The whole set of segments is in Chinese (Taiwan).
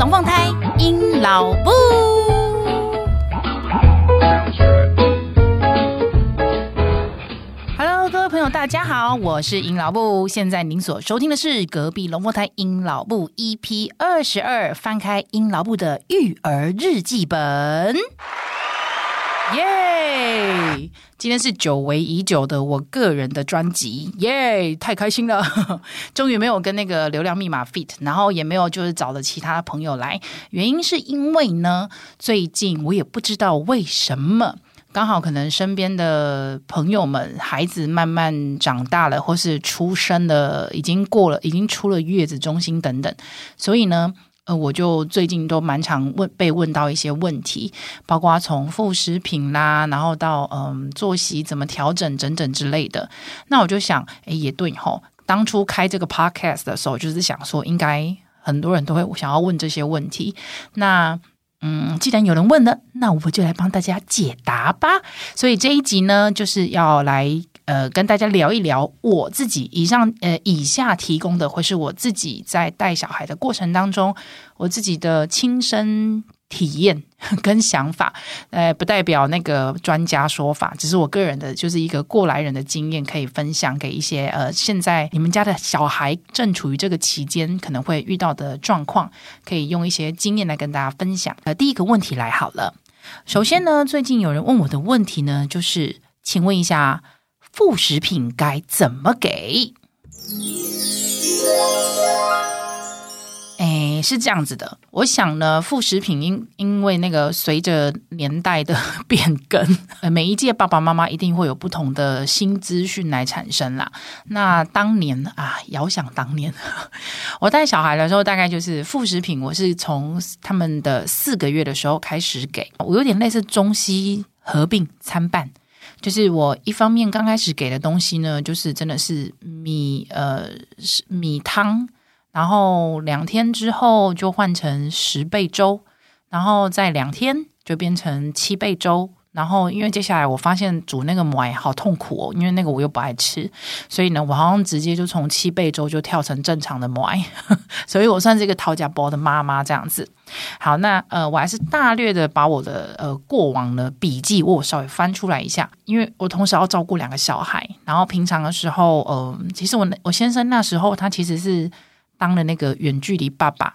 龍鳳胎，陰老木。Hello，各位朋友，大家好，我是陰老木。現在您所收聽的是《隔壁龍鳳胎陰老木》EP 二十二，翻開陰老木的育兒日記本。耶！今天是久違已久的我個人的專輯，耶！太開心了， 終於沒有跟那個流量密碼 fit，然後也沒有就是找了其他的朋友來，原因是因為呢，最近我也不知道為什麼，剛好可能身邊的朋友們孩子慢慢長大了，或是出生的已經過了，已經出了月子中心等等，所以呢。呃，我就最近都蠻常問被問到一些問題，包括從副食品啦，然後到嗯作息怎麼調整、整整之類的。那我就想，哎，也對吼，當初開這個 podcast 的時候，就是想說，應該很多人都會想要問這些問題。那嗯，既然有人問了，那我就來幫大家解答吧。所以這一集呢，就是要來。呃，跟大家聊一聊我自己以上，呃，以下提供的會是我自己在帶小孩的過程當中，我自己的親身體驗跟想法。呃，不代表那個專家說法，只是我個人的，就是一個過來人的經驗，可以分享給一些呃，現在你們家的小孩正處於這個期間可能會遇到的狀況，可以用一些經驗來跟大家分享。呃，第一個問題來好了。首先呢，最近有人問我的問題呢，就是，請問一下。副食品該怎麼給？哎，是這樣子的。我想呢，副食品因因為那個隨着年代的變更，每一屆爸爸媽媽一定會有不同的新資訊來產生啦。那當年啊，遙想當年，我帶小孩的時候，大概就是副食品，我是從他們的四個月的時候開始給，我有點類似中西合併參半。就是我一方面剛開始給的東西呢，就是真的是米呃米湯，然後兩天之後就換成十倍粥，然後再兩天就變成七倍粥。然後，因為接下來我發現煮那個糜好痛苦哦，因為那個我又不愛吃，所以呢，我好像直接就從七倍粥就跳成正常的糜，所以我算是一個掏家包的媽媽這樣子。好，那呃，我還是大略的把我的呃過往的筆記我稍微翻出來一下，因為我同時要照顧兩個小孩，然後平常的時候，嗯、呃，其實我我先生那時候他其實是當了那個遠距離爸爸，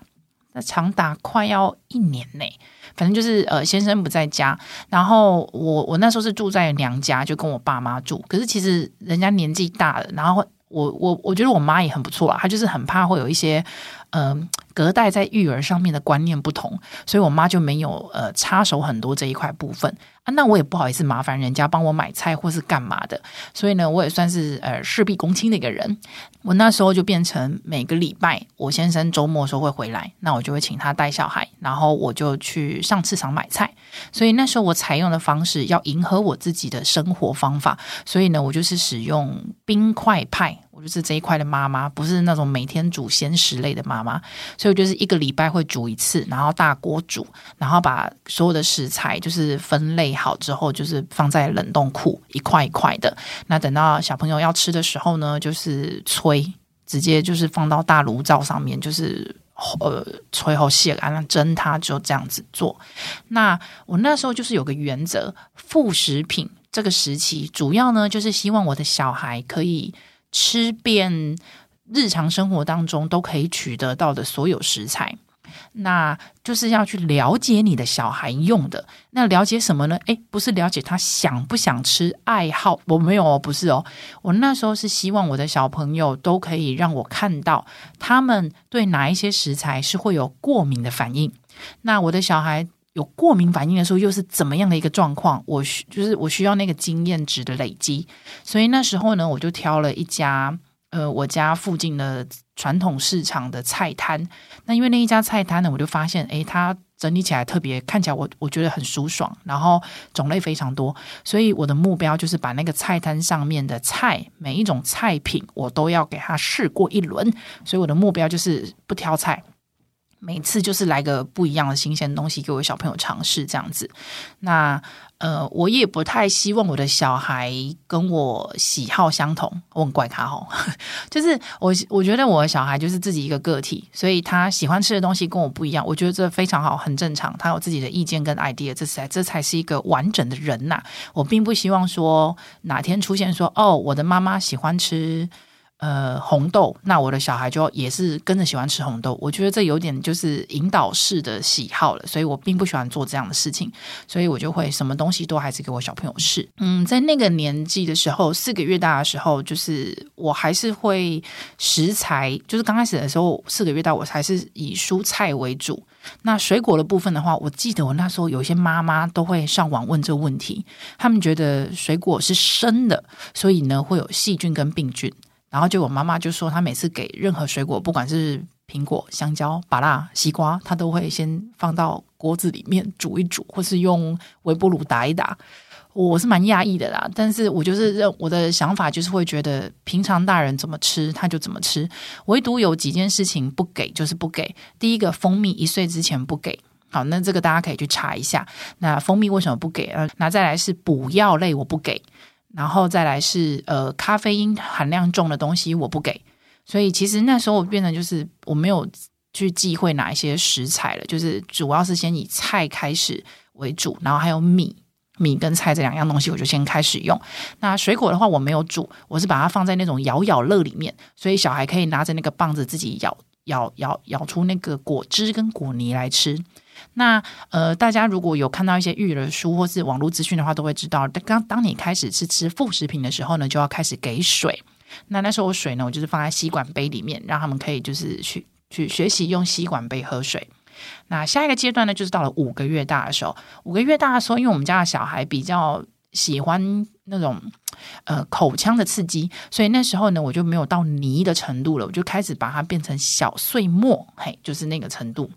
那長達快要一年內。反正就是呃，先生不在家，然後我我那時候是住在娘家，就跟我爸媽住。可是其實人家年紀大了，然後我我我覺得我媽也很不錯啊，她就是很怕會有一些嗯。呃隔代在育兒上面的觀念不同，所以我媽就沒有呃插手很多這一塊部分啊。那我也不好意思麻煩人家幫我買菜或是幹嘛的，所以呢，我也算是呃事必躬親的一個人。我那時候就變成每個禮拜，我先生週末時候會回來，那我就會請他帶小孩，然後我就去上市場買菜。所以那時候我採用的方式要迎合我自己的生活方法，所以呢，我就是使用冰塊派。不是這一塊的媽媽，不是那種每天煮鮮食類的媽媽，所以我就是一個禮拜會煮一次，然後大鍋煮，然後把所有的食材就是分類好之後，就是放在冷凍庫一塊一塊的。那等到小朋友要吃的時候呢，就是吹，直接就是放到大爐灶上面，就是呃吹後卸乾了，那蒸它就這樣子做。那我那時候就是有個原則，副食品這個時期主要呢就是希望我的小孩可以。吃遍日常生活當中都可以取得到的所有食材，那就是要去了解你的小孩用的。那了解什麼呢？誒，不是了解他想不想吃、愛好。我沒有哦，不是哦。我那時候是希望我的小朋友都可以讓我看到他們對哪一些食材是會有過敏的反應。那我的小孩。有過敏反應的時候，又是怎麼樣的一個狀況？我需就是我需要那個經驗值的累積，所以那時候呢，我就挑了一家呃我家附近的傳統市場的菜攤。那因為那一家菜攤呢，我就發現，哎，它整理起來特別，看起來我我覺得很舒爽，然後種類非常多。所以我的目標就是把那個菜攤上面的菜，每一種菜品我都要給它試過一輪。所以我的目標就是不挑菜。每次就是來個不一樣的新鮮的東西給我小朋友嘗試這樣子，那呃，我也不太希望我的小孩跟我喜好相同，我很怪他哦。 就是我，我覺得我的小孩就是自己一個個體，所以他喜歡吃的東西跟我不一樣，我覺得這非常好，很正常。他有自己的意見跟 idea，這才這才是一個完整的人吶，啊。我並不希望說哪天出現說哦，我的媽媽喜歡吃。呃，紅豆，那我的小孩就也是跟着喜歡吃紅豆。我覺得這有點就是引導式的喜好了，所以我並不喜歡做這樣的事情，所以我就會什麼東西都還是給我小朋友試。嗯，在那個年紀的時候，四個月大的時候，就是我還是會食材，就是剛開始的時候，四個月大，我還是以蔬菜為主。那水果的部分的話，我記得我那時候有些媽媽都會上網問這個問題，他們覺得水果是生的，所以呢會有細菌跟病菌。然後就我媽媽就說，她每次給任何水果，不管是蘋果、香蕉、芭樂、西瓜，她都會先放到鍋子裡面煮一煮，或是用微波爐打一打。我是蠻訝異的啦，但是我就是我的想法就是會覺得，平常大人怎麼吃他就怎麼吃，唯獨有幾件事情不給就是不給。第一個，蜂蜜一歲之前不給。好，那這個大家可以去查一下。那蜂蜜為什麼不給？呃、啊，那再來是補藥類，我不給。然後再來是呃咖啡因含量重的東西我不給，所以其實那時候我變成就是我沒有去忌諱哪一些食材了，就是主要是先以菜開始為主，然後還有米米跟菜這兩樣東西我就先開始用。那水果的話我沒有煮，我是把它放在那種咬咬樂裡面，所以小孩可以拿着那個棒子自己咬咬咬，咬出那個果汁跟果泥來吃。那呃，大家如果有看到一些育兒書或是網絡資訊的話，都會知道。剛當你開始吃吃副食品的時候呢，就要開始給水。那那時候我水呢，我就是放在吸管杯裡面，讓他們可以就是去去學習用吸管杯喝水。那下一個階段呢，就是到了五個月大的時候，五個月大的時候，因為我們家的小孩比較喜歡那種呃口腔的刺激，所以那時候呢，我就沒有到泥的程度了，我就開始把它變成小碎末，嘿，就是那個程度。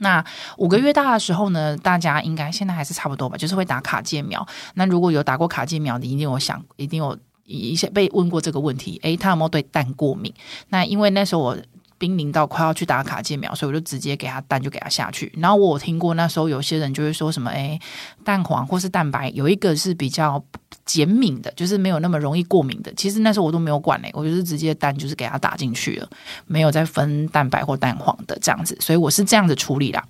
那五個月大的時候呢，大家應該現在還是差不多吧，就是會打卡介苗。那如果有打過卡介苗的，一定有想，一定有一些被問過這個問題，哎，他有沒有對蛋過敏？那因為那時候我。瀕臨到快要去打卡介苗，所以我就直接給它蛋就給它下去。然後我有聽過那時候有些人就會說什麼誒，蛋黃或是蛋白有一個是比較減敏的，就是沒有那麼容易過敏的。其實那時候我都沒有管哎，我就是直接蛋就是給它打進去了，沒有再分蛋白或蛋黃的這樣子。所以我是這樣子處理啦。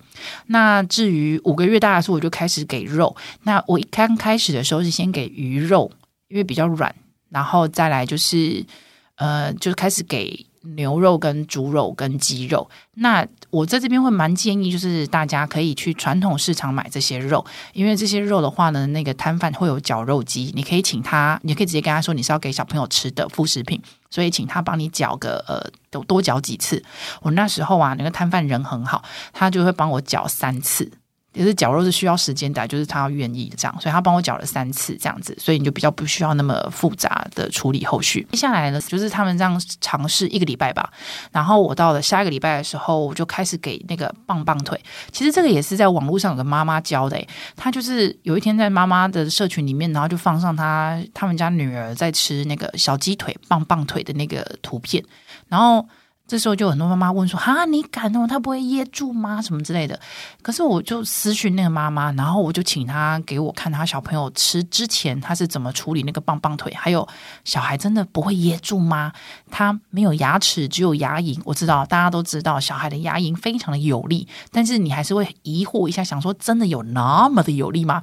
那至於五個月大的時候我就開始給肉。那我一剛開始的時候是先給魚肉，因為比較軟，然後再來就是呃就是開始給。牛肉跟豬肉跟雞肉，那我在這邊會蠻建議，就是大家可以去傳統市場買這些肉，因為這些肉的話呢，那個攤販會有絞肉機，你可以請他，你可以直接跟他說你是要給小朋友吃的副食品，所以請他幫你絞個呃，多多絞幾次。我那時候啊，那個攤販人很好，他就會幫我絞三次。也是絞肉是需要時間的，就是他要願意這樣，所以他幫我絞了三次這樣子，所以你就比較不需要那麼複雜的處理後續。接下來呢，就是他們這樣嘗試一個禮拜吧，然後我到了下一個禮拜的時候，我就開始給那個棒棒腿。其實這個也是在網絡上有個媽媽教的，她就是有一天在媽媽的社群裡面，然後就放上她他們家女兒在吃那個小雞腿，棒棒腿的那個圖片，然後。這時候就很多媽媽問說：“哈，你敢哦？他不會噎住嗎？什麼之類的？”可是我就私訊那個媽媽，然後我就請她給我看她小朋友吃之前他是怎麼處理那個棒棒腿，還有小孩真的不會噎住嗎？他沒有牙齒，只有牙齦。我知道大家都知道小孩的牙齦非常的有力，但是你還是會疑惑一下，想說真的有那麼的有力嗎？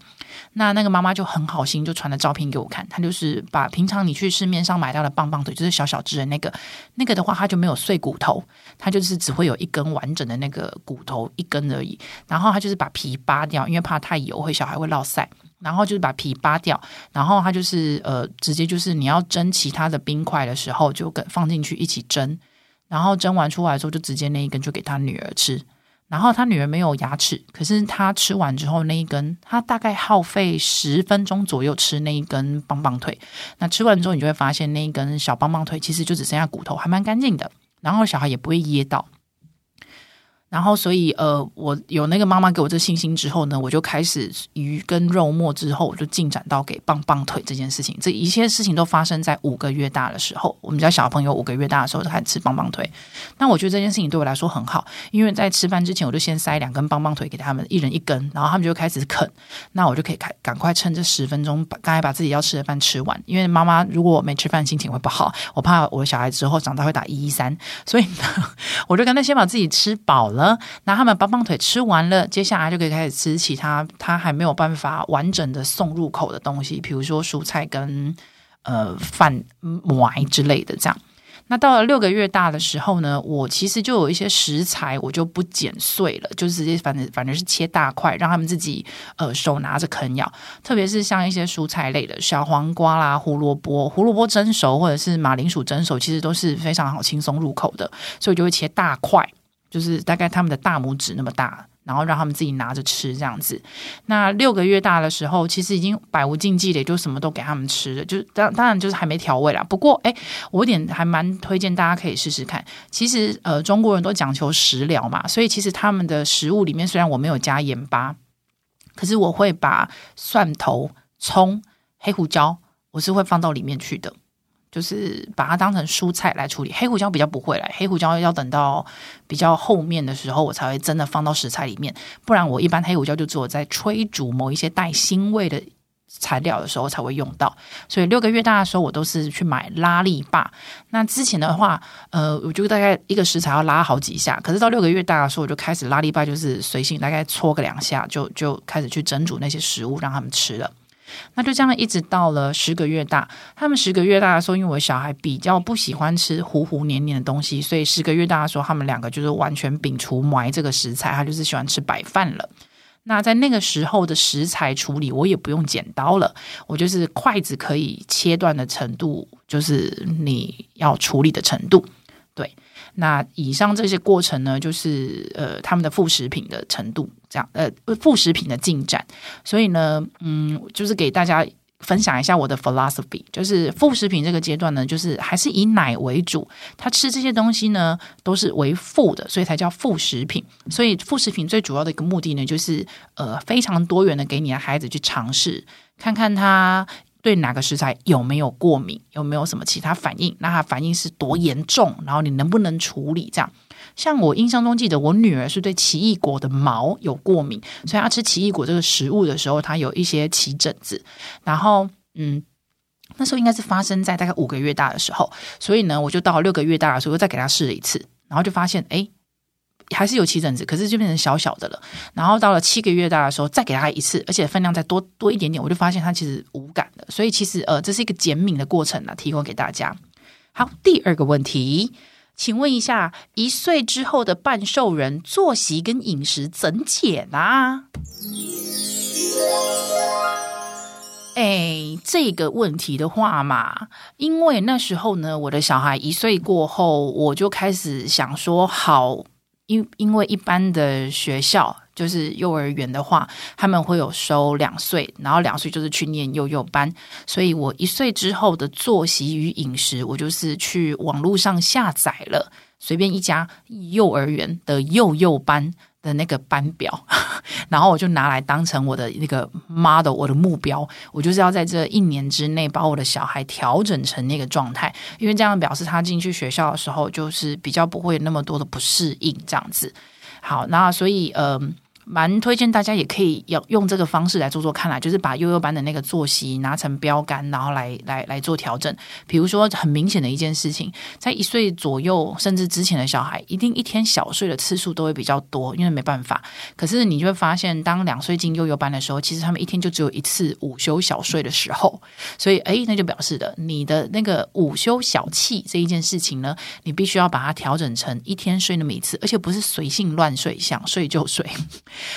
那那個媽媽就很好心，就傳了照片給我看。她就是把平常你去市面上買到的棒棒腿，就是小小只的那個，那個的話，他就沒有碎骨。頭，他就是只會有一根完整的那個骨頭一根而已，然後他就是把皮扒掉，因為怕太油會，會小孩會落賽，然後就是把皮扒掉，然後他就是呃，直接就是你要蒸其他的冰塊的時候，就跟放進去一起蒸，然後蒸完出來之後，就直接那一根就給他女兒吃，然後他女兒沒有牙齒，可是他吃完之後那一根，他大概耗費十分鐘左右吃那一根棒棒腿，那吃完之後，你就會發現那一根小棒棒腿其實就只剩下骨頭，還蠻乾淨的。然後小孩也不會噎到。然後，所以呃，我有那個媽媽給我這信心之後呢，我就開始魚跟肉末之後，我就進展到給棒棒腿這件事情。這一切事情都發生在五個月大的時候。我們家小朋友五個月大的時候就開始吃棒棒腿，那我覺得這件事情對我來說很好，因為在吃飯之前，我就先塞兩根棒棒腿給他們一人一根，然後他們就開始啃，那我就可以開趕快趁這十分鐘把剛才把自己要吃的飯吃完。因為媽媽如果沒吃飯，心情會不好，我怕我小孩之後長大會打一一三，所以 我就趕快先把自己吃飽了。了，那他們棒棒腿吃完了，接下來就可以開始吃其他他還沒有辦法完整的送入口的東西，比如說蔬菜跟呃飯饃之類的這樣。那到了六個月大的時候呢，我其實就有一些食材我就不剪碎了，就直接反正反正是切大塊，讓他們自己呃手拿着啃咬。特別是像一些蔬菜類的小黃瓜啦、胡蘿蔔，胡蘿蔔蒸熟或者是馬鈴薯蒸熟，其實都是非常好輕鬆入口的，所以我就會切大塊。就是大概他們的大拇指那麼大，然後讓他們自己拿着吃這樣子。那六個月大的時候，其實已經百無禁忌的，也就什麼都給他們吃的，就當當然就是還沒調味啦。不過哎，我點還蠻推薦大家可以試試看。其實呃，中國人都講求食療嘛，所以其實他們的食物裡面，雖然我沒有加鹽巴，可是我會把蒜頭、蔥、黑胡椒，我是會放到裡面去的。就是把它當成蔬菜來處理，黑胡椒比較不會來，黑胡椒要等到比較後面的時候，我才會真的放到食材裡面。不然我一般黑胡椒就只有在炊煮某一些帶腥味的材料的時候才會用到。所以六個月大的時候，我都是去買拉力霸。那之前的話，呃，我就大概一個食材要拉好幾下。可是到六個月大的時候，我就開始拉力霸，就是隨性大概搓個兩下，就就開始去蒸煮那些食物，讓他們吃了。那就這樣一直到了十個月大，他們十個月大的時候，因為我小孩比較不喜歡吃糊糊黏黏的東西，所以十個月大的時候，他們兩個就是完全摒除埋這個食材，他就是喜歡吃白飯了。那在那個時候的食材處理，我也不用剪刀了，我就是筷子可以切斷的程度，就是你要處理的程度，對。那以上這些過程呢，就是呃，他們的副食品的程度，這樣呃，副食品的進展。所以呢，嗯，就是給大家分享一下我的 philosophy，就是副食品這個階段呢，就是還是以奶為主，他吃這些東西呢都是為副的，所以才叫副食品。所以副食品最主要的一個目的呢，就是呃，非常多元的給你的孩子去嘗試，看看他。對哪個食材有沒有過敏，有沒有什麼其他反應？那它反應是多嚴重？然後你能不能處理？這樣，像我印象中記得，我女兒是對奇異果的毛有過敏，所以她吃奇異果這個食物的時候，她有一些起疹子。然後，嗯，那時候應該是發生在大概五個月大的時候，所以呢，我就到六個月大的時候，我又再給她試了一次，然後就發現，哎，還是有起疹子，可是就變成小小的了。然後到了七個月大的時候，再給他一次，而且分量再多多一點點，我就發現他其實無感的。所以其實呃，這是一個減敏的過程呢。提供給大家。好，第二個問題，請問一下，一歲之後的半獸人作息跟飲食怎解呢？哎，這個問題的話嘛，因為那時候呢，我的小孩一歲過後，我就開始想說好。因因為一般的學校就是幼兒園的話，他們會有收兩歲，然後兩歲就是去念幼幼班，所以我一歲之後的作息與飲食，我就是去網絡上下載了隨便一家幼兒園的幼幼班。的那個班表， 然後我就拿來當成我的那個 model，我的目標，我就是要在這一年之內把我的小孩調整成那個狀態，因為這樣表示他進去學校的時候，就是比較不會那麼多的不適應這樣子。好，那所以嗯。呃蠻推薦大家也可以要用這個方式來做做看啦，就是把幼幼班的那個作息拿成標杆，然後來來來做調整。比如說，很明顯的一件事情，在一歲左右甚至之前的小孩，一定一天小睡的次數都會比較多，因為沒辦法。可是你就會發現，當兩歲進幼幼班的時候，其實他們一天就只有一次午休小睡的時候。所以，哎，那就表示的，你的那個午休小憩這一件事情呢，你必須要把它調整成一天睡那麼一次，而且不是隨性亂睡，想睡就睡。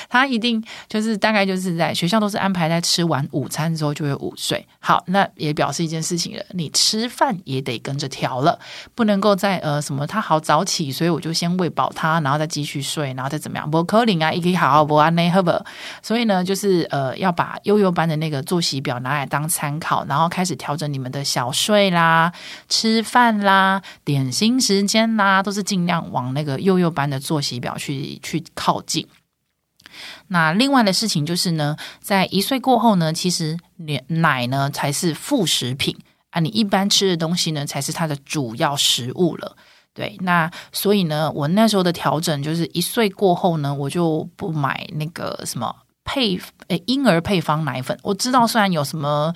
他一定就是大概就是在學校都是安排在吃完午餐之後就會午睡。好，那也表示一件事情了，你吃飯也得跟着調了，不能夠再呃什麼他好早起，所以我就先餵飽他，然後再繼續睡，然後再怎麼樣。不 c o 啊，一可好好不啊內喝不。所以呢，就是呃要把幼幼班的那個作息表拿來當參考，然後開始調整你們的小睡啦、吃飯啦、點心時間啦，都是儘量往那個幼幼班的作息表去去靠近。那另外的事情就是呢，在一歲過後呢，其實奶呢才是副食品啊，你一般吃的東西呢才是它的主要食物了。對，那所以呢，我那時候的調整就是一歲過後呢，我就不買那個什麼配呃嬰兒配方奶粉。我知道雖然有什麼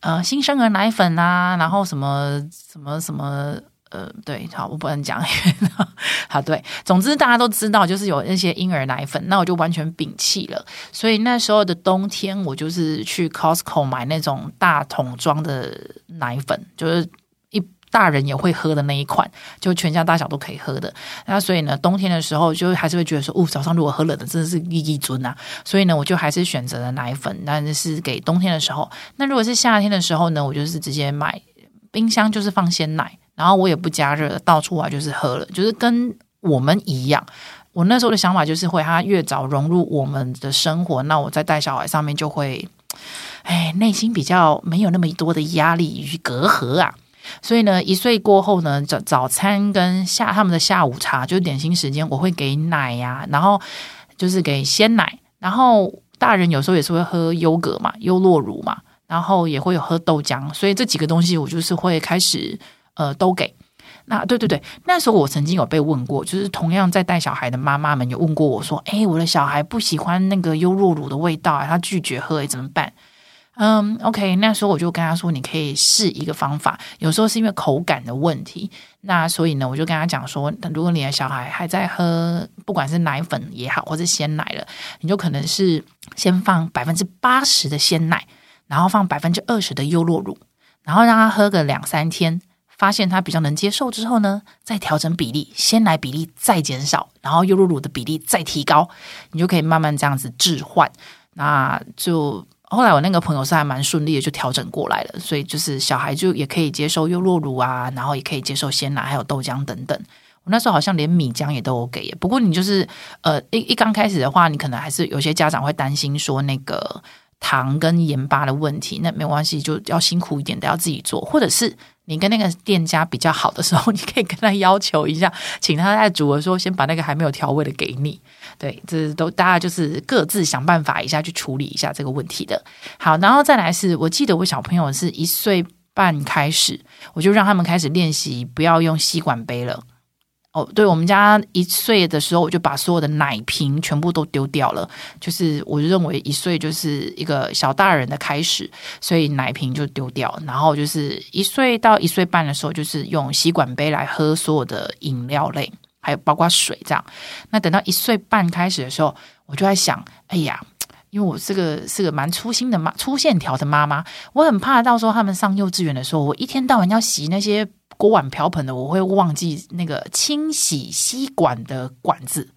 呃新生兒奶粉啊，然後什麼什麼什麼。什麼呃，對，好，我不能講。 好，對，總之大家都知道，就是有那些嬰兒奶粉，那我就完全摒棄了。所以那時候的冬天，我就是去 Costco 買那種大桶裝的奶粉，就是一大人也會喝的那一款，就全家大小都可以喝的。那所以呢，冬天的時候就還是會覺得說，哦，早上如果喝冷的，真的是一一樽啊。所以呢，我就還是選擇了奶粉，但是給冬天的時候。那如果是夏天的時候呢，我就是直接買冰箱，就是放鮮奶。然後我也不加熱，倒出來就是喝了，就是跟我們一樣。我那時候的想法就是會，他越早融入我們的生活，那我在帶小孩上面就會，哎，內心比較沒有那麼多的壓力與隔閡啊。所以呢，一歲過後呢，早早餐跟下他們的下午茶就是點心時間，我會給奶呀、啊，然後就是給鮮奶，然後大人有時候也是會喝優格嘛，優酪乳嘛，然後也會有喝豆漿，所以這幾個東西我就是會開始。呃，都給。那對對對，那時候我曾經有被問過，就是同樣在帶小孩的媽媽們有問過我說：“誒、欸，我的小孩不喜歡那個優酪乳的味道、啊，他拒絕喝、欸，誒，怎麼辦？”嗯，OK，那時候我就跟他說：“你可以試一個方法，有時候是因為口感的問題。那所以呢，我就跟他講說，如果你的小孩還在喝，不管是奶粉也好，或是鮮奶了，你就可能是先放百分之八十的鮮奶，然後放百分之二十的優酪乳，然後讓他喝個兩三天。”發現他比較能接受之後呢，再調整比例，鮮奶比例再減少，然後優酪乳的比例再提高，你就可以慢慢這樣子置換。那就後來我那個朋友是還蠻順利的，就調整過來了。所以就是小孩就也可以接受優酪乳啊，然後也可以接受鮮奶，還有豆漿等等。我那時候好像連米漿也都給。不過你就是呃，一一剛開始的話，你可能還是有些家長會擔心說那個糖跟鹽巴的問題。那沒關係，就要辛苦一點的，得要自己做，或者是。你跟那個店家比較好的時候，你可以跟他要求一下，請他在煮的時候先把那個還沒有調味的給你。對，這都大家就是各自想辦法一下去處理一下這個問題的。好，然後再來是我記得我小朋友是一歲半開始，我就讓他們開始練習不要用吸管杯了。哦、oh，對我們家一歲的時候，我就把所有的奶瓶全部都丟掉了。就是我認為一歲就是一個小大人的開始，所以奶瓶就丟掉。然後就是一歲到一歲半的時候，就是用吸管杯來喝所有的飲料類，還有包括水這樣。那等到一歲半開始的時候，我就在想，哎呀，因為我是個是個蠻粗心的媽，粗線條的媽媽，我很怕到時候他們上幼稚園的時候，我一天到晚要洗那些。鍋碗瓢盆的，我會忘記那個清洗吸管的管子，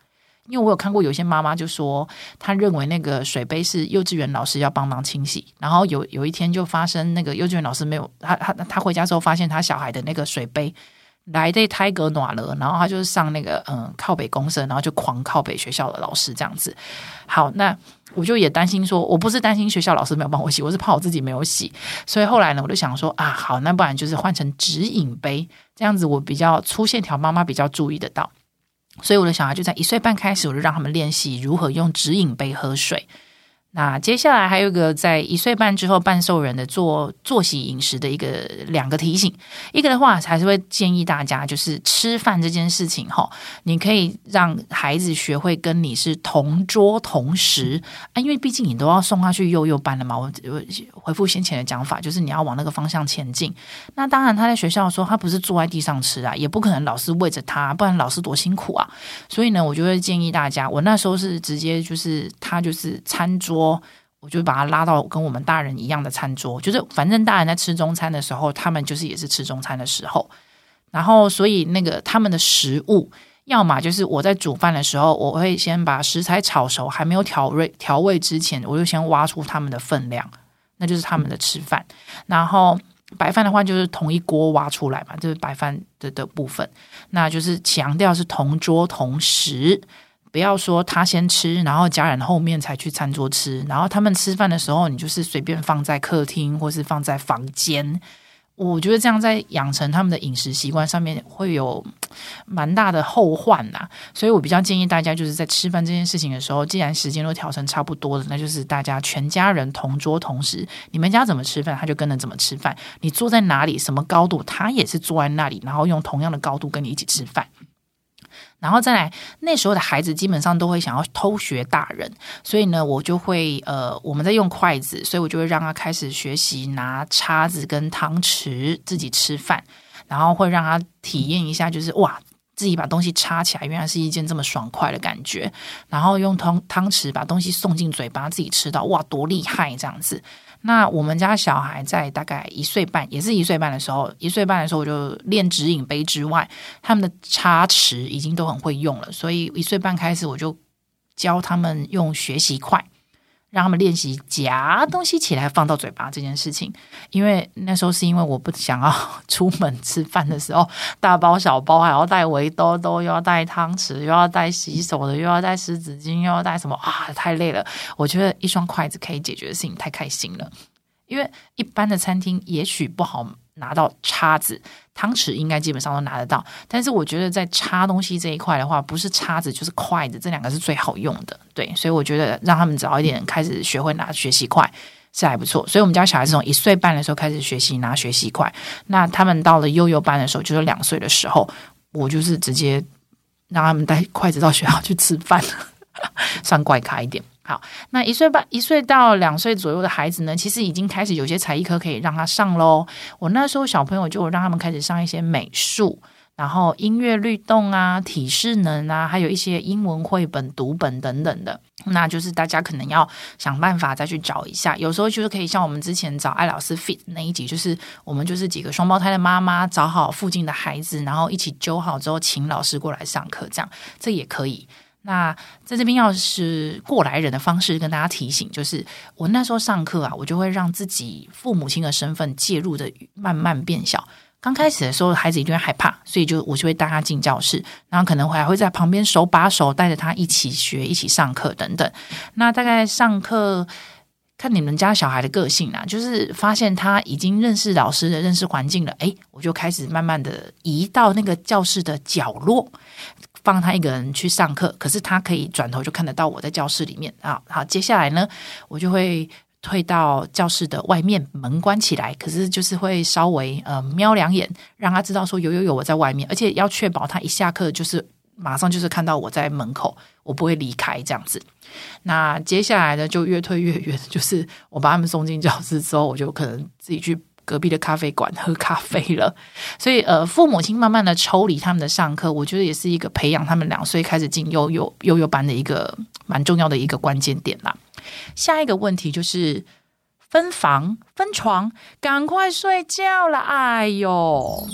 因為我有看過有些媽媽就說，她認為那個水杯是幼稚園老師要幫忙清洗，然後有有一天就發生那個幼稚園老師沒有，她她她回家之後發現她小孩的那個水杯。來的胎格暖了，然後他就是上那個嗯靠北公社，然後就狂靠北學校的老師這樣子。好，那我就也擔心說，我不是擔心學校老師沒有幫我洗，我是怕我自己沒有洗。所以後來呢，我就想說啊，好，那不然就是換成直飲杯這樣子，我比較粗線條，媽媽比較注意得到。所以我的小孩就在一歲半開始，我就讓他們練習如何用直飲杯喝水。那接下來還有一個，在一歲半之後半獸人的坐作息飲食的一個兩個提醒，一個的話還是會建議大家，就是吃飯這件事情哈、哦，你可以讓孩子學會跟你是同桌同食啊，因為畢竟你都要送他去幼幼班了嘛。我回復先前的講法，就是你要往那個方向前進。那當然他在學校的時候，他不是坐在地上吃啊，也不可能老是餵着他、啊，不然老師多辛苦啊。所以呢，我就會建議大家，我那時候是直接就是他就是餐桌。我我就把他拉到跟我們大人一樣的餐桌，就是反正大人在吃中餐的時候，他們就是也是吃中餐的時候。然後，所以那個他們的食物，要麼就是我在煮飯的時候，我會先把食材炒熟，還沒有調味調味之前，我就先挖出他們的分量，那就是他們的吃飯。嗯、然後白飯的話，就是同一鍋挖出來嘛，就是白飯的的部分，那就是強調是同桌同食。不要說他先吃，然後家人後面才去餐桌吃。然後他們吃飯的時候，你就是隨便放在客廳或是放在房間。我覺得這樣在養成他們的飲食習慣上面會有蠻大的後患，呐、啊。所以我比較建議大家就是在吃飯這件事情的時候，既然時間都調成差不多的，那就是大家全家人同桌同時。你們家怎麼吃飯，他就跟着怎麼吃飯。你坐在哪裡，什麼高度，他也是坐在那裡，然後用同樣的高度跟你一起吃飯。然後再來，那時候的孩子基本上都會想要偷學大人，所以呢，我就會呃，我們在用筷子，所以我就會讓他開始學習拿叉子跟湯匙自己吃飯，然後會讓他體驗一下，就是哇，自己把東西叉起來，原來是一件這麼爽快的感覺，然後用湯湯匙把東西送進嘴巴自己吃到，哇，多厲害這樣子。那我們家小孩在大概一歲半，也是一歲半的時候，一歲半的時候我就練指引杯之外，他們的叉匙已經都很會用了，所以一歲半開始我就教他們用學習筷。讓他們練習夾東西起來放到嘴巴這件事情，因為那時候是因為我不想要出門吃飯的時候，大包小包還要帶圍兜兜，又要帶湯匙，又要帶洗手的，又要帶濕紙巾，又要帶什麼啊，太累了。我覺得一雙筷子可以解決的事情，太開心了。因為一般的餐廳也許不好拿到叉子，湯匙應該基本上都拿得到。但是我覺得在叉東西這一塊的話，不是叉子就是筷子，這兩個是最好用的。對，所以我覺得讓他們早一點開始學會拿學習筷、嗯、是還不錯。所以我們家小孩是從一歲半的時候開始學習拿學習筷。那他們到了幼幼班的時候，就是兩歲的時候，我就是直接讓他們帶筷子到學校去吃飯，呵呵算怪咖一點。好，那一歲半一歲到兩歲左右的孩子呢，其實已經開始有些才藝課可以讓他上嘍。我那時候小朋友就讓他們開始上一些美術，然後音樂律動啊、體適能啊，還有一些英文繪本讀本等等的。那就是大家可能要想辦法再去找一下，有時候就是可以像我們之前找艾老師 fit 那一集，就是我們就是幾個雙胞胎的媽媽找好附近的孩子，然後一起揪好之後，請老師過來上課，這樣這也可以。那在這邊，要是過來人的方式跟大家提醒，就是我那時候上課啊，我就會讓自己父母親的身份介入的慢慢變小。剛開始的時候，孩子一定會害怕，所以就我就會帶他進教室，然後可能還會在旁邊手把手帶着他一起學、一起上課等等。那大概上課看你們家小孩的個性啊，就是發現他已經認識老師的認識環境了，哎，我就開始慢慢的移到那個教室的角落。放他一個人去上課，可是他可以轉頭就看得到我在教室裡面啊。好，接下來呢，我就會退到教室的外面，門關起來，可是就是會稍微呃瞄兩眼，讓他知道說有有有我在外面，而且要確保他一下課就是馬上就是看到我在門口，我不會離開這樣子。那接下來呢，就越退越遠，就是我把他們送進教室之後，我就可能自己去。隔壁的咖啡館喝咖啡了，所以呃，父母親慢慢的抽離他們的上課，我覺得也是一個培養他們兩歲開始進幼幼幼幼班的一個蠻重要的一個關鍵點啦。下一個問題就是分房分床，趕快睡覺了，哎呦！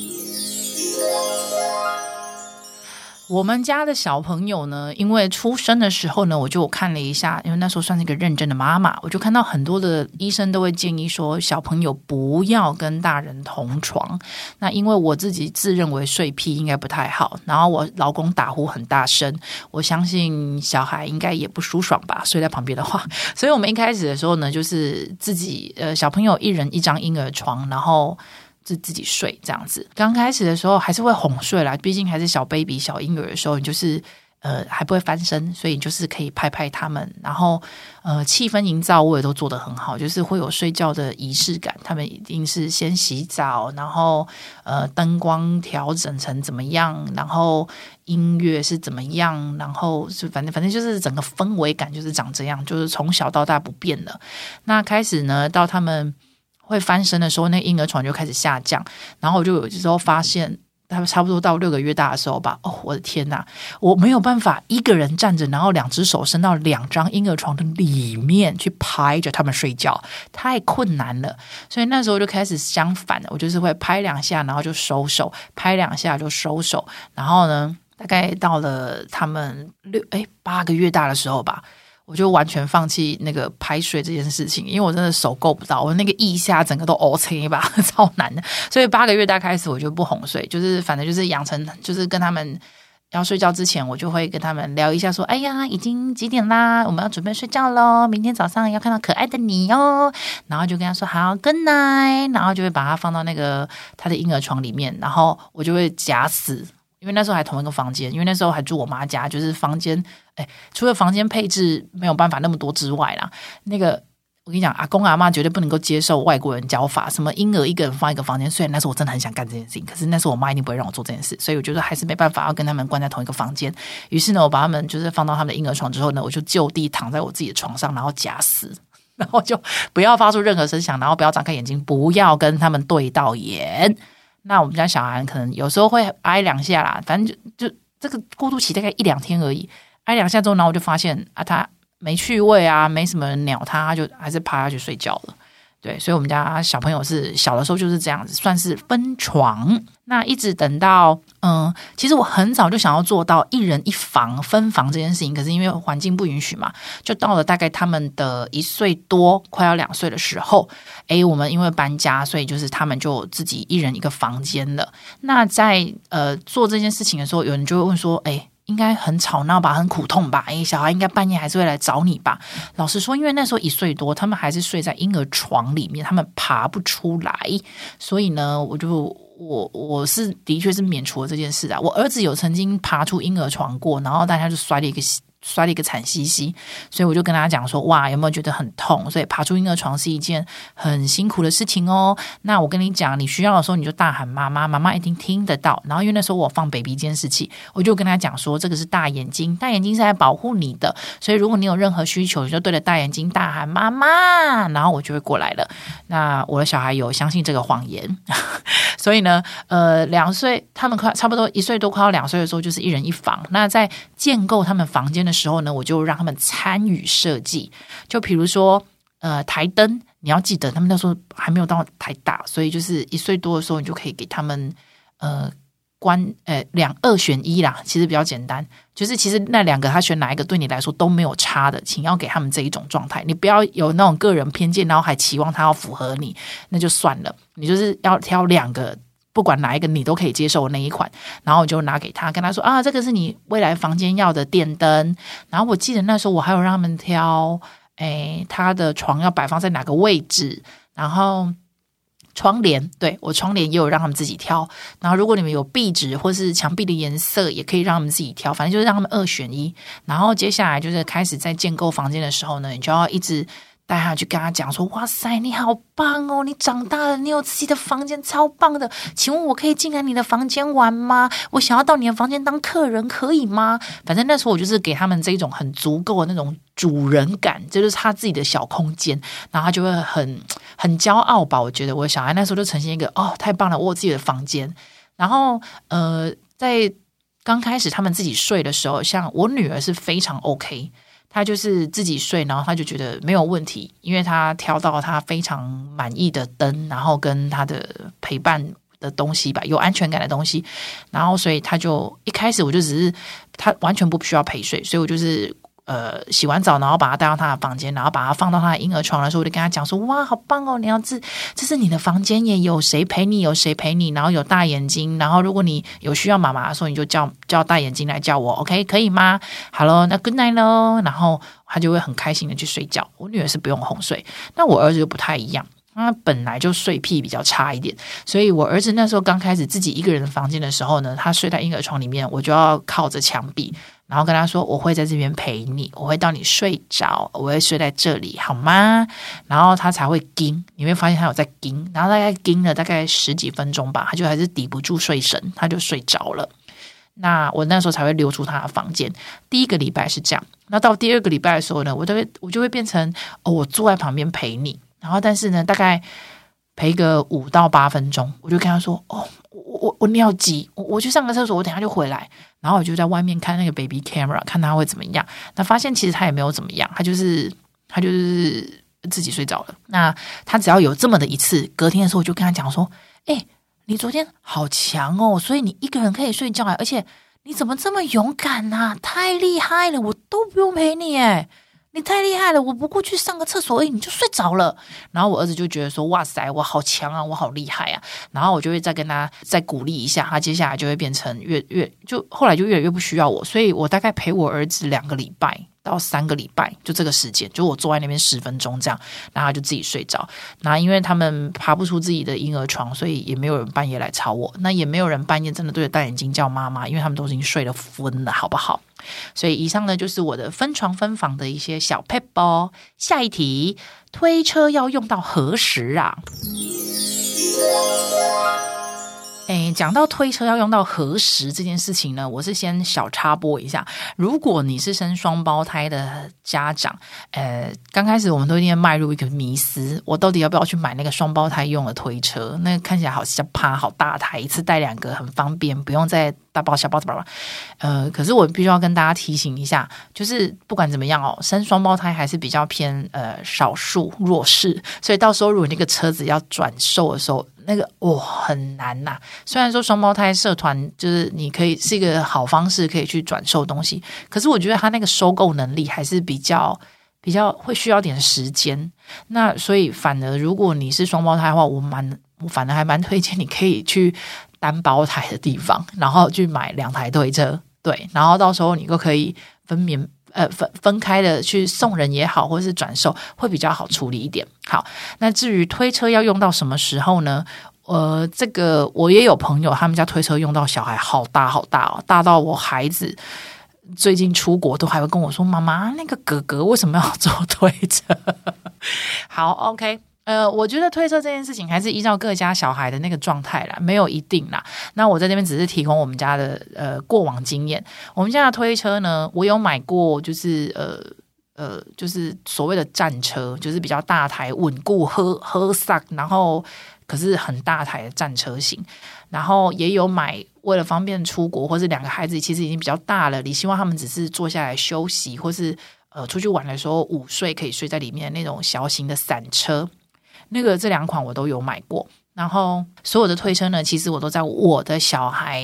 我們家的小朋友呢，因為出生的時候呢，我就看了一下，因為那時候算是一個認真的媽媽，我就看到很多的醫生都會建議說，小朋友不要跟大人同床。那因為我自己自認為睡癖應該不太好，然後我老公打呼很大聲，我相信小孩應該也不舒爽吧，睡在旁邊的話。所以我們一開始的時候呢，就是自己呃小朋友一人一張嬰兒床，然後。自自己睡這樣子，剛開始的時候還是會哄睡啦，畢竟還是小 baby、小嬰兒的時候，你就是呃還不會翻身，所以你就是可以拍拍他們，然後呃氣氛營造我也都做得很好，就是會有睡覺的儀式感，他們一定是先洗澡，然後呃燈光調整成怎麼樣，然後音樂是怎麼樣，然後就反正反正就是整個氛圍感就是長這樣，就是從小到大不變的。那開始呢，到他們。會翻身的時候，那嬰兒床就開始下降。然後我就有時候發現，他們差不多到六個月大的時候吧，哦，我的天吶，我沒有辦法一個人站着，然後兩隻手伸到兩張嬰兒床的裡面去拍着他們睡覺，太困難了。所以那時候就開始相反了，我就是會拍兩下，然後就收手，拍兩下就收手。然後呢，大概到了他們六，誒，八個月大的時候吧。我就完全放棄那個拍睡這件事情，因為我真的手夠不到，我那個腋下整個都凹成一把，超難的。所以八個月大開始，我就不哄睡，就是反正就是養成，就是跟他們要睡覺之前，我就會跟他們聊一下，說：“哎呀，已經幾點啦？我們要準備睡覺嘍，明天早上要看到可愛的你喲。”然後就跟他說好：“好，good night。”然後就會把他放到那個他的嬰兒床裡面，然後我就會假死，因為那時候還同一個房間，因為那時候還住我媽家，就是房間。哎，除了房間配置沒有辦法那麼多之外啦，那個我跟你講，阿公阿媽絕對不能夠接受外國人教法，什麼嬰兒一個人放一個房間睡。雖然那時候我真的很想幹這件事情，可是那時候我媽一定不會讓我做這件事，所以我覺得還是沒辦法要跟他們關在同一個房間。於是呢，我把他們就是放到他們的嬰兒床之後呢，我就就地躺在我自己的床上，然後假死，然後就不要發出任何聲響，然後不要張開眼睛，不要跟他們對到眼。那我們家小孩可能有時候會挨兩下啦，反正就就這個過渡期大概一兩天而已。挨、哎、兩下之後，然後我就發現啊，他沒趣味啊，沒什麼鳥，他就還是趴下去睡覺了。對，所以我們家小朋友是小的時候就是這樣子，算是分床。那一直等到嗯，其實我很早就想要做到一人一房分房這件事情，可是因為環境不允許嘛，就到了大概他們的一歲多，快要兩歲的時候，哎，我們因為搬家，所以就是他們就自己一人一個房間了。那在呃做這件事情的時候，有人就會問說，哎，應該很吵鬧吧，很苦痛吧？誒、欸，小孩應該半夜還是會來找你吧？嗯。老實說，因為那時候一歲多，他們還是睡在嬰兒床裡面，他們爬不出來。所以呢，我就我我是的確是免除了這件事啊。我兒子有曾經爬出嬰兒床過，然後大家就摔了一個。摔了一個慘兮兮，所以我就跟他講說：哇，有沒有覺得很痛？所以爬出嬰兒床是一件很辛苦的事情哦。那我跟你講，你需要的時候你就大喊媽媽，媽媽一定聽得到。然後因為那時候我放 baby 監視器，我就跟他講說：這個是大眼睛，大眼睛是來保護你的。所以如果你有任何需求，你就對着大眼睛大喊媽媽，然後我就會過來了。那我的小孩有相信這個謊言， 所以呢，呃，兩歲他們快差不多一歲多，快要兩歲的時候，就是一人一房。那在建構他們房間的時候。時候呢，我就讓他們參與設計。就比如說，呃，台燈，你要記得，他們那時候還沒有到台大，所以就是一歲多的時候，你就可以給他們，呃，關，呃、欸，兩二選一啦。其實比較簡單，就是其實那兩個他選哪一個，對你來說都沒有差的。請要給他們這一種狀態，你不要有那種個人偏見，然後還期望他要符合你，那就算了。你就是要挑兩個。不管哪一個你都可以接受的那一款，然後我就拿給他，跟他說啊，這個是你未來房間要的電燈。然後我記得那時候我還有讓他們挑，誒、哎，他的床要擺放在哪個位置，然後窗簾，對，我窗簾也有讓他們自己挑。然後如果你們有壁紙或是牆壁的顏色，也可以讓他們自己挑，反正就是讓他們二選一。然後接下來就是開始在建構房間的時候呢，你就要一直。帶他去跟他講說：“哇塞，你好棒哦！你長大了，你有自己的房間，超棒的。請問我可以進來你的房間玩嗎？我想要到你的房間當客人，可以嗎？”反正那時候我就是給他們這種很足夠的那種主人感，這就是他自己的小空間。然後他就會很很驕傲吧？我覺得我小孩那時候就呈現一個哦，太棒了，我自己的房間。然後呃，在剛開始他們自己睡的時候，像我女兒是非常 OK。他就是自己睡，然後他就覺得沒有問題，因為他挑到他非常滿意的燈，然後跟他的陪伴的東西吧，有安全感的東西，然後所以他就一開始我就只是他完全不需要陪睡，所以我就是。呃，洗完澡，然後把他帶到他的房間，然後把他放到他的嬰兒床的時候，我就跟他講說：“哇，好棒哦，你要這這是你的房間耶，有誰陪你，有誰陪你，然後有大眼睛，然後如果你有需要媽媽的時候，你就叫叫大眼睛來叫我，OK，可以嗎？好嘍，那 Good night 嘍。然後他就會很開心的去睡覺。我女兒是不用哄睡，那我兒子就不太一樣。”他本來就睡癖比較差一點，所以我兒子那時候剛開始自己一個人的房間的時候呢，他睡在嬰兒床裡面，我就要靠着牆壁，然後跟他說：“我會在這邊陪你，我會到你睡着，我會睡在這裡，好嗎？”然後他才會驚，你會發現他有在驚。然後大概驚了大概十幾分鐘吧，他就還是抵不住睡神，他就睡着了。那我那時候才會溜出他的房間。第一個禮拜是這樣，那到第二個禮拜的時候呢，我就會我就會變成哦，我坐在旁邊陪你。.然後，但是呢，大概陪個五到八分鐘，我就跟他說：“哦，我我我尿急，我去上個廁所，我等下就回來。”然後我就在外面看那個 baby camera，看他會怎麼樣。那發現其實他也沒有怎麼樣，他就是他就是自己睡着了。那他只要有這麼的一次，隔天的時候我就跟他講說：“哎、欸，你昨天好強哦，所以你一個人可以睡覺啊，而且你怎麼這麼勇敢啊，太厲害了，我都不用陪你。”哎。你太厲害了，我不過去上個廁所，哎，你就睡着了。然後我兒子就覺得說，哇塞，我好強啊，我好厲害啊。然後我就會再跟他再鼓勵一下，他接下來就會變成越越就後來就越來越不需要我，所以我大概陪我兒子兩個禮拜。到三個禮拜，就這個時間，就我坐在那邊十分鐘這樣，然後就自己睡着。那因為他們爬不出自己的嬰兒床，所以也沒有人半夜來吵我。那也沒有人半夜真的對着大眼睛叫媽媽，因為他們都已經睡得昏了，好不好？所以以上呢，就是我的分床分房的一些小撇步。下一題，推車要用到何時啊？誒、欸，講到推車要用到何時這件事情呢，我是先小插播一下。如果你是生雙胞胎的家長，呃，剛開始我們都一定邁入一個迷思：我到底要不要去買那個雙胞胎用的推車？那個、看起來好像趴，好大台，一次帶兩個很方便，不用再大包小包的。呃，可是我必須要跟大家提醒一下，就是不管怎麼樣哦，生雙胞胎還是比較偏呃少數弱勢，所以到時候如果那個車子要轉售的時候，那個哇、哦、很難吶、啊，雖然說雙胞胎社團就是你可以是一個好方式，可以去轉售東西，可是我覺得他那個收購能力還是比較比較會需要點時間。那所以反而如果你是雙胞胎的話，我蠻我反而還蠻推薦你可以去單胞胎的地方，然後去買兩台推車，對，然後到時候你就可以分別。呃，分分開的去送人也好，或者是轉售，會比較好處理一點。好，那至於推車要用到什麼時候呢？呃，這個我也有朋友，他們家推車用到小孩好大好大哦，大到我孩子最近出國都還會跟我說：“媽媽，那個哥哥為什麼要坐推車？” 好，OK。呃，我覺得推車這件事情還是依照各家小孩的那個狀態啦，沒有一定啦。那我在這邊只是提供我們家的呃過往經驗。我們家的推車呢，我有買過，就是呃呃，就是所謂的戰車，就是比較大台、穩固、喝喝傘，然後可是很大台的戰車型。然後也有買，為了方便出國，或是兩個孩子其實已經比較大了，你希望他們只是坐下來休息，或是呃出去玩的時候午睡可以睡在裡面那種小型的傘車。那個這兩款我都有買過，然後所有的推車呢，其實我都在我的小孩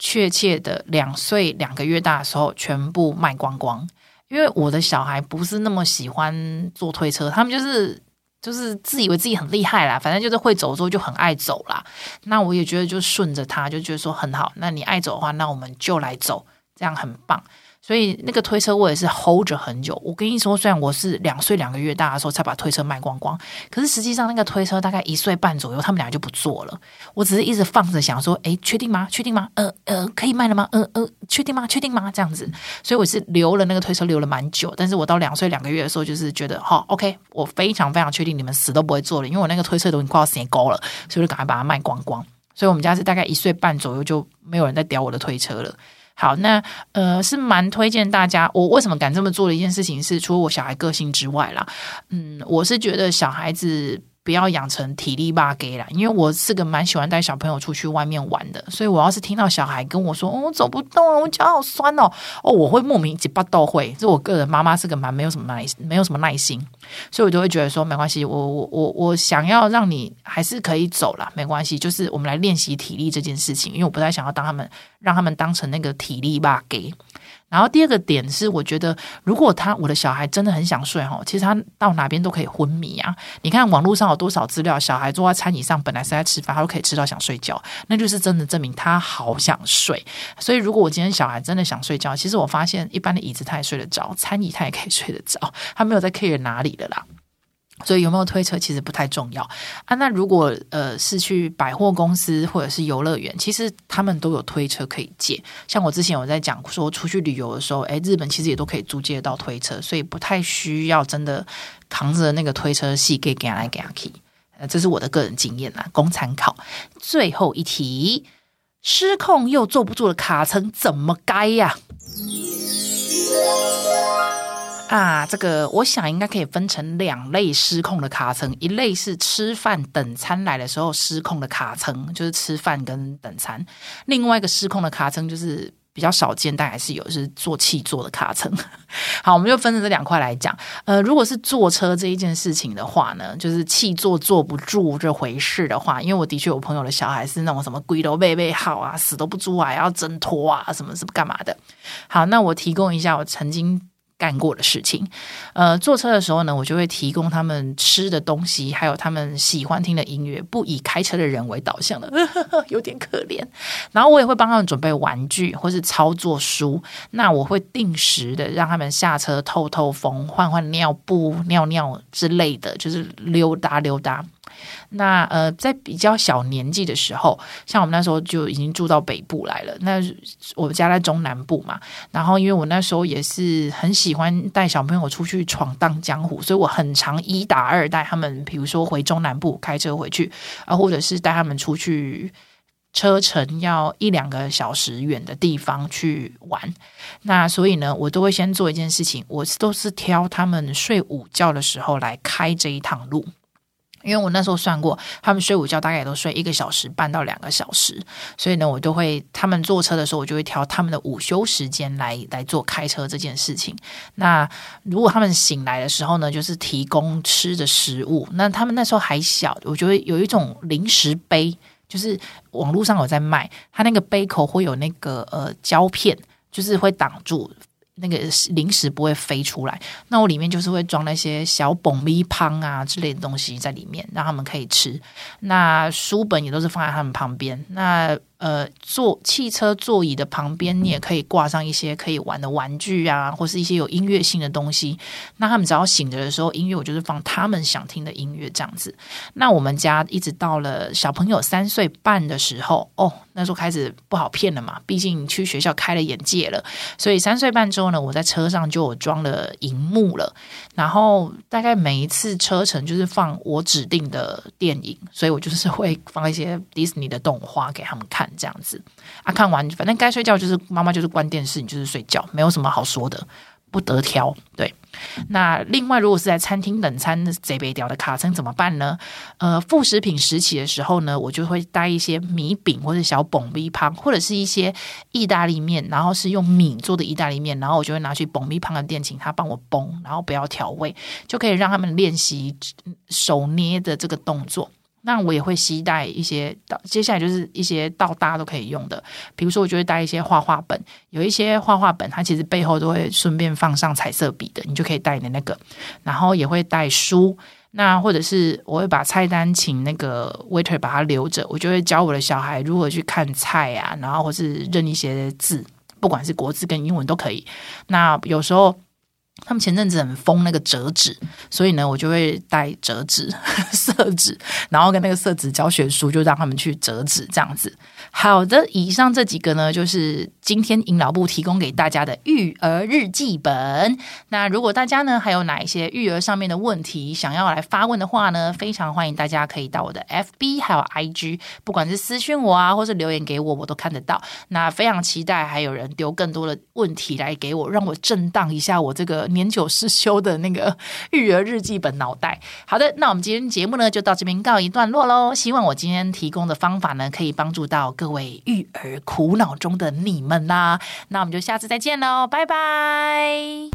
確切的兩歲兩個月大的時候全部賣光光，因為我的小孩不是那麼喜歡坐推車，他們就是就是自以為自己很厲害啦，反正就是會走之後就很愛走啦。那我也覺得就順着他就覺得說很好，那你愛走的話，那我們就來走，這樣很棒。所以那個推車我也是 hold 着很久。我跟你說，雖然我是兩歲兩個月大的時候才把推車賣光光，可是實際上那個推車大概一歲半左右，他們倆就不坐了。我只是一直放着，想說，哎，確定嗎？確定嗎？呃呃，可以賣了嗎？呃呃，確定嗎？確定嗎？這樣子，所以我是留了那個推車，留了蠻久。但是我到兩歲兩個月的時候，就是覺得，好，哦，OK，我非常非常確定你們死都不會坐了，因為我那個推車東快過時間夠了，所以我就趕快把它賣光光。所以我們家是大概一歲半左右就沒有人在屌我的推車了。好，那呃是蠻推薦大家。我為什麼敢這麼做的一件事情是，除了我小孩個性之外啦，嗯，我是覺得小孩子。不要養成體力罷給啦，因為我是個蠻喜歡帶小朋友出去外面玩的，所以我要是聽到小孩跟我說：“哦，我走不動了，我腳好酸哦，哦”，我會莫名其妙都會。這是我個人媽媽是個蠻沒有什麼耐，沒有什麼耐心，所以我就會覺得說：“沒關係，我我我我想要讓你還是可以走啦。沒關係，就是我們來練習體力這件事情，因為我不太想要當他們讓他們當成那個體力罷給。”然後第二個點是，我覺得如果他，我的小孩真的很想睡哈、哦，其實他到哪邊都可以昏迷啊。你看網絡上有多少資料，小孩坐在餐椅上本來是在吃飯，他都可以吃到想睡覺，那就是真的證明他好想睡。所以如果我今天小孩真的想睡覺，其實我發現一般的椅子他也睡得着，餐椅他也可以睡得着，他沒有在 care 哪裡的啦。所以有沒有推車其實不太重要啊。那如果呃是去百貨公司或者是遊樂園，其實他們都有推車可以借。像我之前有在講說出去旅遊的時候，哎、欸，日本其實也都可以租借到推車，所以不太需要真的扛着那個推車系給給來給人去、呃。這是我的個人經驗啦，供參考。最後一題，失控又坐不住的咖噌怎麼該呀、啊？啊，這個我想應該可以分成兩類失控的咖噌，一類是吃飯等餐來的時候失控的咖噌，就是吃飯跟等餐；另外一個失控的咖噌就是比較少見，但還是有，是坐汽座的咖噌。 好，我們就分成這兩塊來講。呃，如果是坐車這一件事情的話呢，就是汽座坐不住這回事的話，因為我的確有朋友的小孩是那種什麼龜都背背好啊，死都不坐啊，要掙脫啊，什麼是幹嘛的。好，那我提供一下我曾經。幹過的事情，呃，坐車的時候呢，我就會提供他們吃的東西，還有他們喜歡聽的音樂，不以開車的人為導向的， 有點可憐。然後我也會幫他們準備玩具或是操作書。那我會定時的讓他們下車透透風、換換尿布、尿尿之類的，就是溜達溜達。那呃，在比較小年紀的時候，像我們那時候就已經住到北部來了。那我們家在中南部嘛，然後因為我那時候也是很喜歡帶小朋友出去闖蕩江湖，所以我很常一打二帶他們，比如說回中南部開車回去啊，或者是帶他們出去車程要一兩個小時遠的地方去玩。那所以呢，我都會先做一件事情，我都是挑他們睡午覺的時候來開這一趟路。因為我那時候算過，他們睡午覺大概也都睡一個小時半到兩個小時，所以呢，我就會他們坐車的時候，我就會挑他們的午休時間來來做開車這件事情。那如果他們醒來的時候呢，就是提供吃的食物。那他們那時候還小，我覺得有一種零食杯，就是網絡上有在賣，它那個杯口會有那個呃膠片，就是會擋住。那個零食不會飛出來，那我裡面就是會裝那些小蹦米香啊之類的東西在裡面，讓他們可以吃。那書本也都是放在他們旁邊。那呃，坐汽車座椅的旁邊，你也可以掛上一些可以玩的玩具啊，或是一些有音樂性的東西。那他們只要醒着的時候，音樂我就是放他們想聽的音樂這樣子。那我們家一直到了小朋友三歲半的時候，哦，那時候開始不好騙了嘛，畢竟去學校開了眼界了。所以三歲半之後呢，我在車上就裝了熒幕了。然後大概每一次車程就是放我指定的電影，所以我就是會放一些迪士尼的動畫給他們看。這樣子啊，看完反正該睡覺，就是媽媽就是關電視，你就是睡覺，沒有什麼好說的，不得挑。對，嗯、那另外如果是在餐廳等餐賊北屌的咖噌怎麼辦呢？呃，副食品時期的時候呢，我就會帶一些米餅或者是小崩米盤，或者是一些意大利麵，然後是用米做的意大利麵，然後我就會拿去崩米盤的店，請他幫我崩，然後不要調味，就可以讓他們練習手捏的這個動作。那我也會攜帶一些到，接下來就是一些到大家都可以用的，比如說我就會帶一些畫畫本，有一些畫畫本它其實背後都會順便放上彩色筆的，你就可以帶你的那個，然後也會帶書，那或者是我會把菜單請那個 waiter 把它留着，我就會教我的小孩如何去看菜啊，然後或是認一些字，不管是國字跟英文都可以。那有時候。他們前陣子很瘋那個折紙，所以呢，我就會帶折紙、色紙，然後跟那個色紙教學書，就讓他們去折紙這樣子。好的，以上這幾個呢，就是。今天陰老木提供給大家的育兒日記本。那如果大家呢，還有哪一些育兒上面的問題想要來發問的話呢，非常歡迎大家可以到我的 FB 還有 IG，不管是私訊我啊，或是留言給我，我都看得到。那非常期待還有人丟更多的問題來給我，讓我震盪一下我這個年久失修的那個育兒日記本腦袋。好的，那我們今天節目呢就到這邊告一段落嘍。希望我今天提供的方法呢，可以幫助到各位育兒苦惱中的你們。那那我們就下次再見嘍，拜拜。